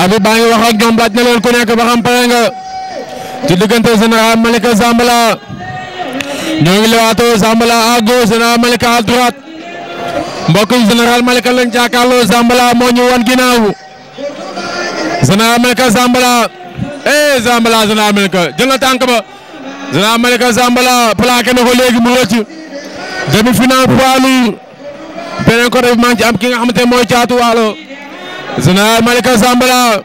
Habib baa ngi wax ak ñoom laaj na leen ku nekk ba xam pare nga ci lewaatoo Zambala à gauche Malika à droite mbokk Malika lañ jàkkaarloo Zambala moo wan ginnaaw général Malika Zambala eh Zambala général Malika jël na tànk ko léegi mu rëcc demi final poids lourd beneen côté bi maa ci am ki nga xamante ne mooy caatu waalo Général Malika Zambala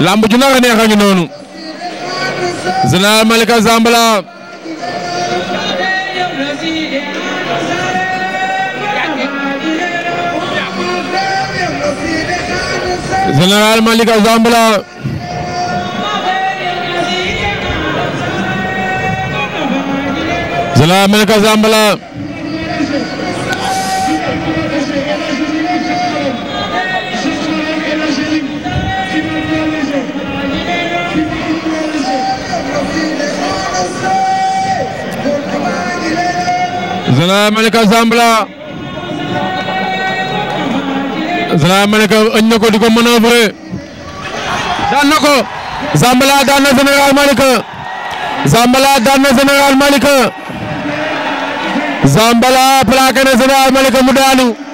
lamb ju nara neex a ngi noonu Général Malika Zambala Général Malika Zambala Général Malika Zambala Général Malika Zambala Général Malika ëñ na ko di ko manœuvrer daan na ko Zambala daan na Général Malika Zambala daan na Général Malika Zambala plaqué na Général Malika mu daanu